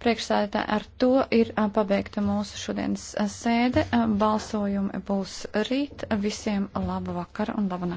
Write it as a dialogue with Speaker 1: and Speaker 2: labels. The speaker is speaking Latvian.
Speaker 1: Priekšsēdētāji, ar to ir pabeigta mūsu šodienas sēde. Balsojumi būs rīt. Visiem laba vakara un laba nakti.